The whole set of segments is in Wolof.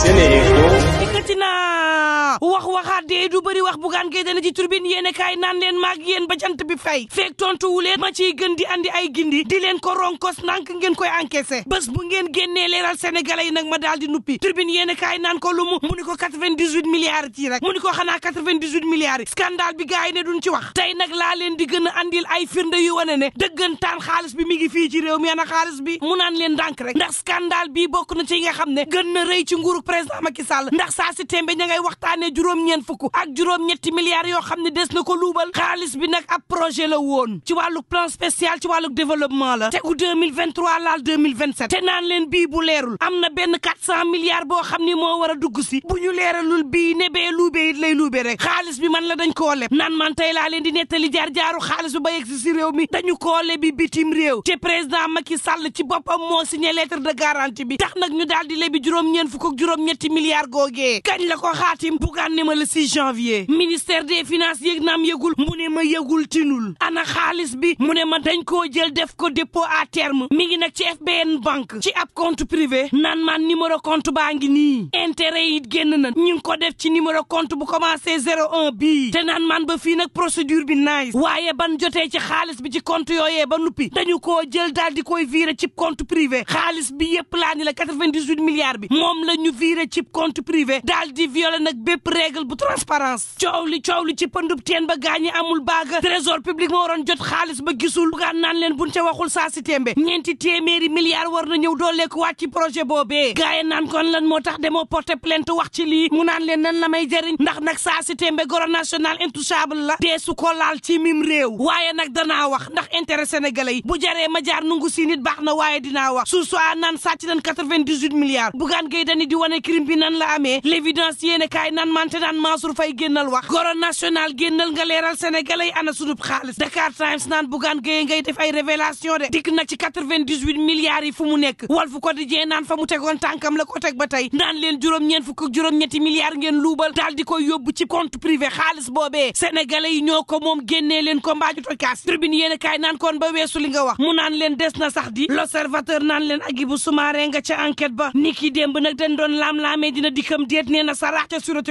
Sénéinfo Touba wax waxaat de du bëri wax bugaan gay dana ci turbine yéen kaay naan leen maag yéen ba jant bi fay feek tontu wu leen gën di andi ay gindi di leen ko ronkos nank ngeen koy encaissé bés bu ngeen génnee leeral sénégalais nag ma di nuppi turbine yéen kaay naan ko lu mu mu ni ko 98 milliards ci rek mu ni ko xanaa 98 milliards yi scandale bi gars yi ne duñ ci wax tey nag laa di gën a andil ay firnde yu wane ne dëggantaan xaalis bi mi ngi fii ci réew na ci ne gën na rëy ci nguuru président Macky Sall ndax saa si tembe waxtaane ne juróom ñeen fukk ak juróom-ñetti milliards yoo xam ne des na ko luubal xaalis bi nag ab projet la woon ci wàllu plan spécial ci wàllu développement la tegu 2023 laal 2027 te naan leen bii bu leerul am na benn 400 milliards boo xam ni moo war a dugg si bu ñu leeralul bii ne bee luube it lay luube rek xaalis bi man la dañ koo leb naan man tey laa leen di nettali jaar jaaru xaalis bu ba yegg si si réew mi dañu koo lebi bitim réew te président Macky Sall ci boppam moo signé lettre de garantie bi tax nag ñu daal di lebi juróom-ñeent fukk ak juróom-ñetti milliards googee bugaan ne ma le 6 yëg naam yëgul mu ne ma yëgul tinul ana xaalis bi mu ne ma dañ koo jël def ko dépôt à terme mi ngi nag ci FBN banque ci ab compte privé naan maan numéro compte baa ngi nii intérêt yi génn na ñu ngi ko def ci numéro compte bu commencé 01 bii te naan maan ba fii nag procédure bi nice waaye ban jotee ci xaalis bi ci compte yooyee ba nuppi dañu koo jël daal di koy viré ci compte privé xaalis bi yëpp laa ni la 98 bi moom la ñu viré ci compte privé daal bépp règle bu transparence coow li coow li ci pëndub teen ba gaañi amul baaga trésor public moo waroon jot xaalis ba gisul bugaan naan leen bu ca waxul saa si téembe ñeenti téeméeri milliards war na ñëw dooleeku wàcc ci projet boobe gaaye naan kon lan moo tax demoo porter plainte wax ci lii mu naan leen nan la may jëriñ ndax nag saa si téembe goro national intouchable la dee su ko laal ci mim réew waaye nag danaa wax ndax intere sénégalais yi bu jaree ma jaar nungu si nit baax na waaye dinaa wax su soi naan sàcc nañ 98 milliards bugaan gay la amee l'évidence yéene kaay naan naan mante naan Mansour Faye génnal wax goro national génnal nga leeral sénégalais yi ana sunub xaalis Dakar Times naan Bougane Gueye ngay def ay révélation de dikk na ci 98 milliards yi fu mu nekk Walf Quotidien naan fa mu tegoon tànkam la ko teg ba tey naan leen juróom-ñeent fukk ak juróom-ñetti milliards ngeen luubal daal di yóbbu ci compte privé xaalis boobee sénégalais ñoo ko moom génnee ko mbaaju tokaas tribune yéen kaay naan naan leen des na ba na sarax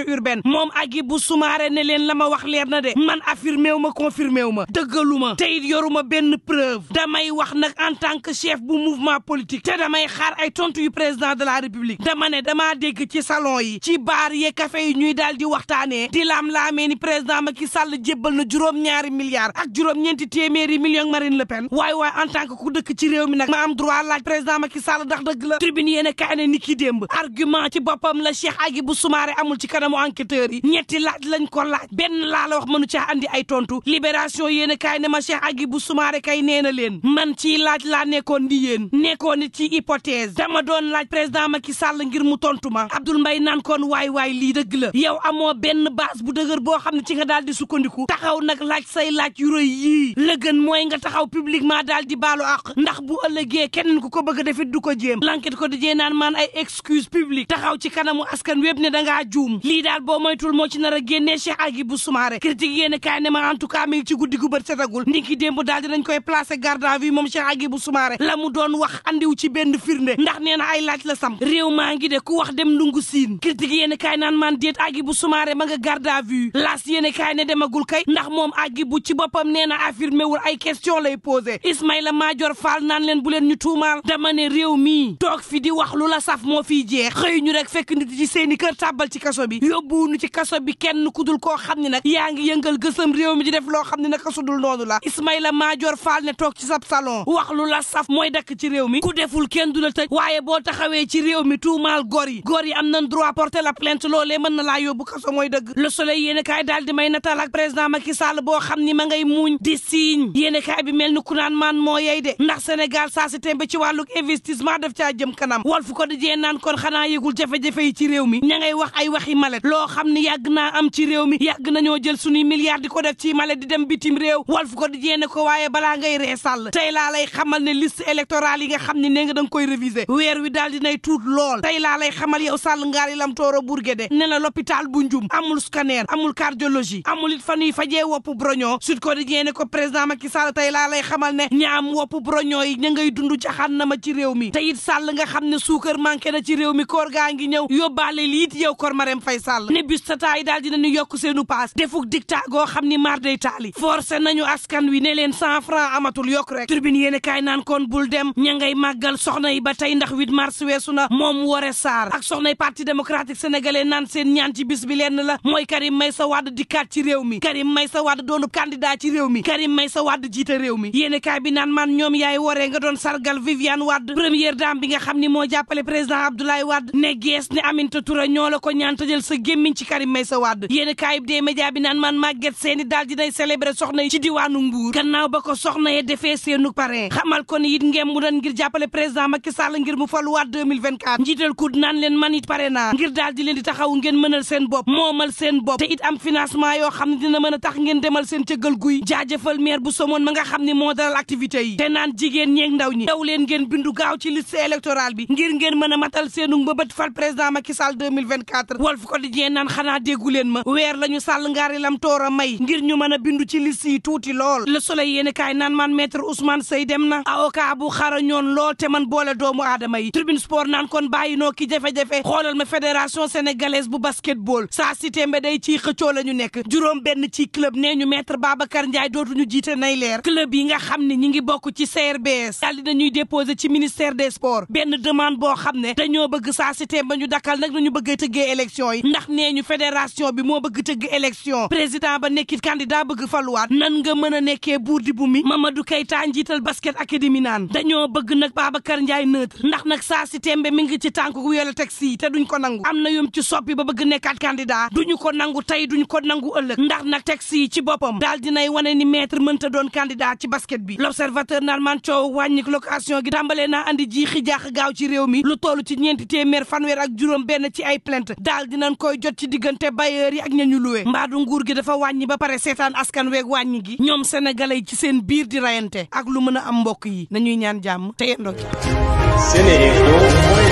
urbaine moom Hadjibou Soumaré ne leen la ma wax leer na de man affirmé wu ma confirmé wu ma dëggalu ma te it yoruma benn preuve damay wax nag en tant que chef bu mouvement politique te damay xaar ay tontu yu président de la république dama ne dama dégg ci salon yi ci baar ye kafe yi ñuy daal di waxtaanee di laam-laamee ni président Macky Sall jébbal na juróom-ñaari milliards ak juróom-ñeenti téeméeri millions Marine Le Pen waay waaye en ku dëkk ci réew mi nag ma am droit laaj président Macky Sall ndax dëgg la tribune yéen a kaay ni ki démb argument ci boppam la Cheikh Hadjibou Soumaré amul ci kanam kanamu enquêteurs yi ñetti laaj lañ ko laaj benn laa la wax mënu caa andi ay tontu libération yéen a kaay ne ma Cheikh bu Soumaré kay nee na leen man ci laaj laa nekkoon di yéen nekkoon it ci hypothèse dama doon laaj président Macky Sall ngir mu tontuma ma Abdoul Mbaye naan koon waay waay lii dëgg la yow amoo benn base bu dëgër boo xam ne ci nga daal di sukkandiku taxaw nag laaj say laaj yu yii la gën mooy nga taxaw publiquement daal di baalo àq ndax bu ëllëgee kenn ku ko bëgg defit du ko jéem l'enquête ko di jee naan maan ay excuse publique taxaw ci kanamu askan wépp ne dangaa daal boo moytul moo ci nar a génnee Cheikh Agibou Soumaré critique yéen kaay ne ma en tout cas mi ngi ci guddi gu bët setagul ni ki démb daal dinañ koy placé garde à vue moom Cheikh Agibou Soumaré la mu doon wax andiw ci benn firnde ndax nee na ay laaj la sam réew maa ngi de ku wax dem ndungu siin critique yéen kaay naan man déet Agibou Soumaré ma nga garde à vue laas yéen kaay demagul kay ndax moom Agibou ci boppam nee na affirmé wul ay question lay posé Ismaïla Madior Fall naan leen bu leen ñu tuumaal dama ne réew mii toog fi di wax lu la saf moo fiy jeex xëy rek fekk nit ci seeni kër tàbbal ci kaso bi yóbbuwunu ci kaso bi kenn kudul koo xam ne nag yaa ngi yëngal gësam réew mi di def loo xam ne naka sudul noonu la Ismaïla Madior Fall ne toog ci sab salon wax lu la saf mooy dakk ci réew mi ku deful kenn du la tëj waaye boo taxawee ci réew mi tuumaal góor yi góor yi am nañ droit porter la plainte loole mën na laa yóbbu kaso mooy dëgg le soleil yéen kaay daal di may nataal ak président Macky Sall boo xam ni ma ngay muuñ di siiñ yéen kaay bi mel ni ku naan maan moo yey de ndax Sénégal saa si tembe ci wàllug investissement def caa jëm kanam Walf Quotidien naan kon xanaa yëgul jafe-jafe ci réew mi ña ngay wax ay waxi malet loo xam ne yàgg naa am ci réew mi yàgg nañoo jël suñuy milliards di ko def ci male di dem bitim réew Walf ko di jeene ko waaye balaa ngay ree sàll tey laa lay xamal ne liste électorale yi nga xam ne nee nga koy réviser weer wi daal dinay tuut lool tey laa lay xamal yow sàll ngaari lam tooro Bourguédé ne la l'hôpital bu njum amul scanner amul cardiologie amul it fanuy fajee wopp broñoo sud ko di jeene ko président Macky Sall tey laa lay xamal ne ñaam wopp broñoo yi ña ngay dund jaxaannama ci réew mi te it sàll nga xam ne suukar manqué na ci réew mi koor gaa ngi ñëw yóbbaale liit yow kor Marème Faye Sall Sall ne bus tata yi daal dinañu yokk seenu paas defuk dikta goo xam ni maar day taali forcé nañu askan wi ne leen cent franc amatul yokk rek turbine yéen kaay naan kon bul dem ña ngay màggal ba tey ndax 8 mars weesu na moom Woré Sarr ak soxnay parti démocratique sénégalais naan seen ñaan ci bis la mooy Karim Meïssa Wade dikkaat ci réew mi Karim Meïssa Wade doonu candidat ci réew mi Karim Meïssa Wade jiite réew mi yéen kaay bi naan man gémmiñ ci Karim Meïssa Wade yéen kaay bi dee média bi naan man Maguette Sène daal dinay célébré soxna yi ci diwaanu gannaaw ba ko soxna ye defee seenu parrain xamal ko ni it ngeen mu doon ngir jàppale président Macky Sall ngir mu faluwaat 2024 njiital kud naan leen man it pare naa ngir daal di leen di taxaw mën mënal seen bopp moomal seen bopp te it am financement yoo xam ne dina mën a tax ngeen demal seen cëggal guy jaajëfal maire bu somoon ma nga xam ni moo dalal activité yi te naan jigéen ñeeg ndaw ñi daw leen ngeen bindu gaaw ci liste électorale bi ngir ngeen mën a matal seenu mbëbët fal président Macky Sall 2024 Walf ko quotidien naan xanaa déggu leen ma weer la ñu sàll ngaari lam toor a may ngir ñu mën a bindu ci liste yi tuuti lool le soleil yéen kaay nan man maître Ousmane Sey dem na avocat bu xara ñoon lool te man boole doomu aadama yi tribune sport naan kon bàyyi noo ki jafe xoolal ma fédération sénégalaise bu basketball bool si tembe day ci xëccoo la ñu nekk juróom benn ci club nee ñu maître Babacar Ndiaye dootuñu jiite nay leer club yi nga xam ne ñi ngi bokk ci CRBS daal dinañuy déposé ci ministère des sports benn demande boo xam ne dañoo bëgg saa si tembe ñu dakkal nag nañu bëgg a yi ndax nee ñu fédération bi moo bëgg tëgg élection président ba nekkit candidat bëgg faluwaat nan nga mën a nekkee buur di bu mi Mamadou Keita njiital basket académie naan dañoo bëgg nag Babacar Ndiaye neutre ndax nag saa si tembe mi ngi ci tànk ku yole teg sii te duñ ko nangu am na yom ci soppi ba bëgg nekkaat candidat duñu ko nangu tey duñu ko nangu ëllëg ndax nag teg sii ci boppam daal dinay wane ni maître mënta doon candidat ci basket bi l'observateur naan man coow wàññi location gi tàmbalee naa andi ji xijaax gaaw ci réew mi lu toll ci ñeenti téeméer fanweer ak juróom benn ci ay plainte koy jot ci diggante bailleur yi ak ñañu luwee mbaadu nguur gi dafa wàññi ba pare seetaan askan weeg wàññi gi ñoom sénégalais yi ci seen biir di rayante ak lu mën a am mbokk yi nañuy ñaan jàmm te yendoo jàmm